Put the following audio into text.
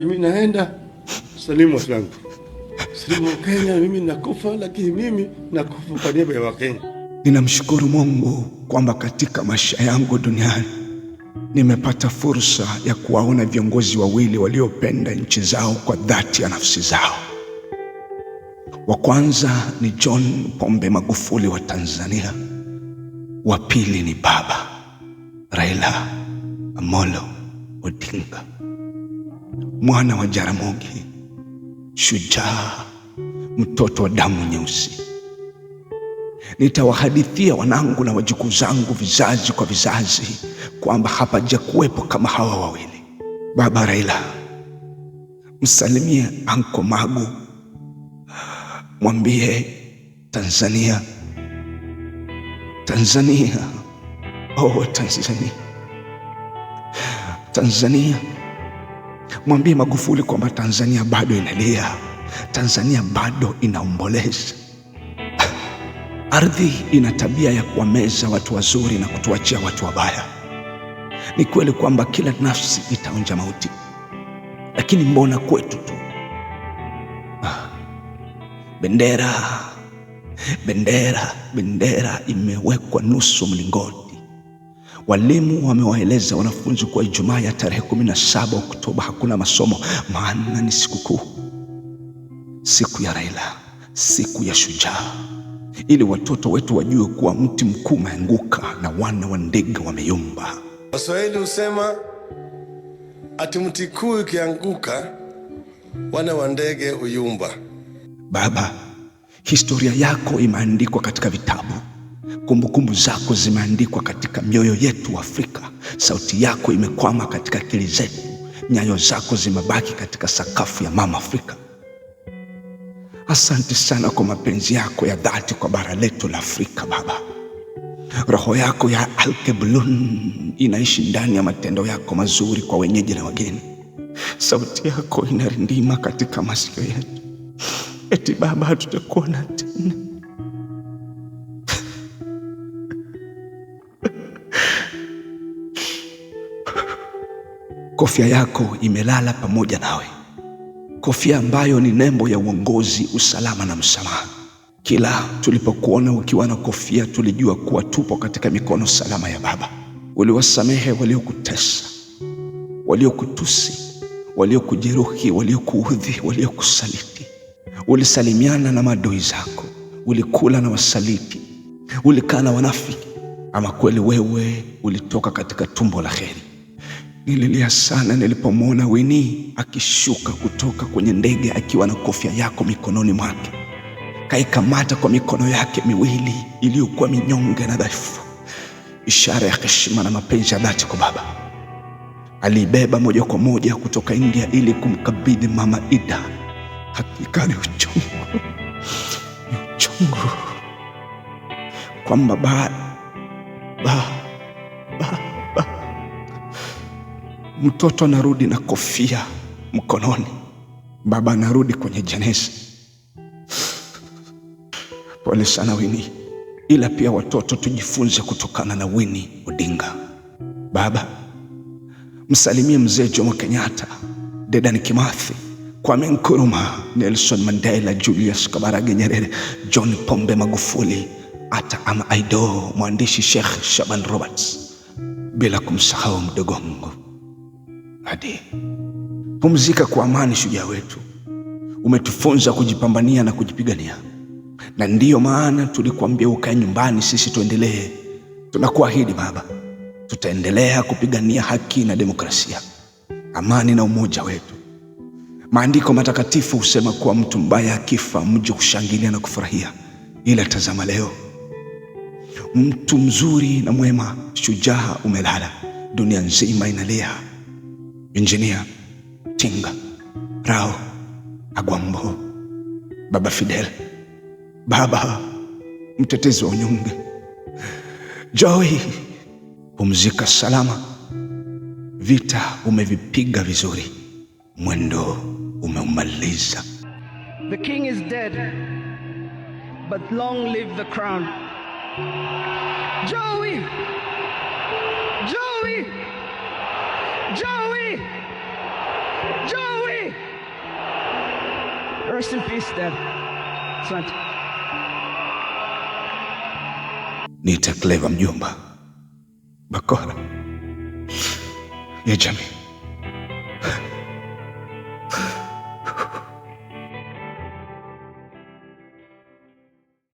Mimi naenda salimu Waislamu, salimu wa Kenya. Mimi nakufa, lakini mimi nakufa kwa niaba ya Wakenya. Ninamshukuru Mungu kwamba katika maisha yangu duniani nimepata fursa ya kuwaona viongozi wawili waliopenda nchi zao kwa dhati ya nafsi zao. Wa kwanza ni John Pombe Magufuli wa Tanzania, wa pili ni baba Raila Amolo Odinga mwana wa Jaramogi, shujaa, mtoto wa damu nyeusi. Nitawahadithia wanangu na wajukuu zangu vizazi kwa vizazi kwamba hapajakuwepo kama hawa wawili. Baba Raila, msalimie anko Magu, mwambie Tanzania, Tanzania, oh Tanzania, Tanzania Mwambie Magufuli kwamba Tanzania bado inalia, Tanzania bado inaomboleza. Ardhi ina tabia ya kuwameza watu wazuri na kutuachia watu wabaya. Ni kweli kwamba kila nafsi itaonja mauti, lakini mbona kwetu tu? Ah, bendera bendera bendera imewekwa nusu mlingoti Walimu wamewaeleza wanafunzi kuwa Ijumaa ya tarehe 17 Oktoba hakuna masomo, maana ni sikukuu, siku ya Raila, siku ya shujaa, ili watoto wetu wajue kuwa mti mkuu umeanguka na wana wa ndege wameyumba. Waswahili husema ati mti kuu ikianguka wana wa ndege huyumba. Baba, historia yako imeandikwa katika vitabu Kumbukumbu zako zimeandikwa katika mioyo yetu Afrika. Sauti yako imekwama katika akili zetu, nyayo zako zimebaki katika sakafu ya mama Afrika. Asante sana kwa mapenzi yako ya dhati kwa bara letu la Afrika. Baba, roho yako ya Alkebulun inaishi ndani ya matendo yako mazuri kwa wenyeji na wageni. Sauti yako inarindima katika masikio yetu, eti Baba, hatutakuona tena Kofia yako imelala pamoja nawe, kofia ambayo ni nembo ya uongozi, usalama na msamaha. Kila tulipokuona ukiwa na kofia, tulijua kuwa tupo katika mikono salama ya Baba. Uliwasamehe waliokutesa, waliokutusi, waliokujeruhi, waliokuudhi, waliokusaliti. Ulisalimiana na maadui zako, ulikula na wasaliti, ulikaa na wanafiki. Ama kweli wewe ulitoka katika tumbo la heri. Nililia sana nilipomwona wini akishuka kutoka kwenye ndege akiwa na kofia yako mikononi mwake. Kaikamata kwa mikono yake miwili iliyokuwa minyonge na dhaifu, ishara ya heshima na mapenzi ya dhati kwa baba. Aliibeba moja kwa moja kutoka India ili kumkabidhi Mama Ida. Hakika ni uchungu, ni uchungu kwamba ba, ba, ba mtoto anarudi na kofia mkononi, baba anarudi kwenye jeneza. Pole sana Wini, ila pia watoto tujifunze kutokana na Wini Odinga. Baba, msalimie mzee Jomo Kenyatta, Dedan Kimathi, Kwame Nkrumah, Nelson Mandela, Julius Kabarage Nyerere, John Pombe Magufuli, hata aido mwandishi Sheikh Shaban Roberts, bila kumsahau mdogo wangu hadi. Pumzika kwa amani, shujaa wetu. Umetufunza kujipambania na kujipigania, na ndiyo maana tulikuambia ukae nyumbani, sisi tuendelee. Tunakuahidi Baba, tutaendelea kupigania haki na demokrasia, amani na umoja wetu. Maandiko matakatifu husema kuwa mtu mbaya akifa, mji hushangilia na kufurahia. Ila tazama leo, mtu mzuri na mwema, shujaa, umelala, dunia nzima inalia. Injinia Tinga, Rao Agwambo, Baba Fidel, baba mtetezi wa unyonge, Joy, pumzika salama. Vita umevipiga vizuri, mwendo umeumaliza. The king is dead, but long live the crown. Joey! Joey! Joey! Joey! Rest in peace, Dad. Asante. Nita Cleva mjomba bakora ya jamii.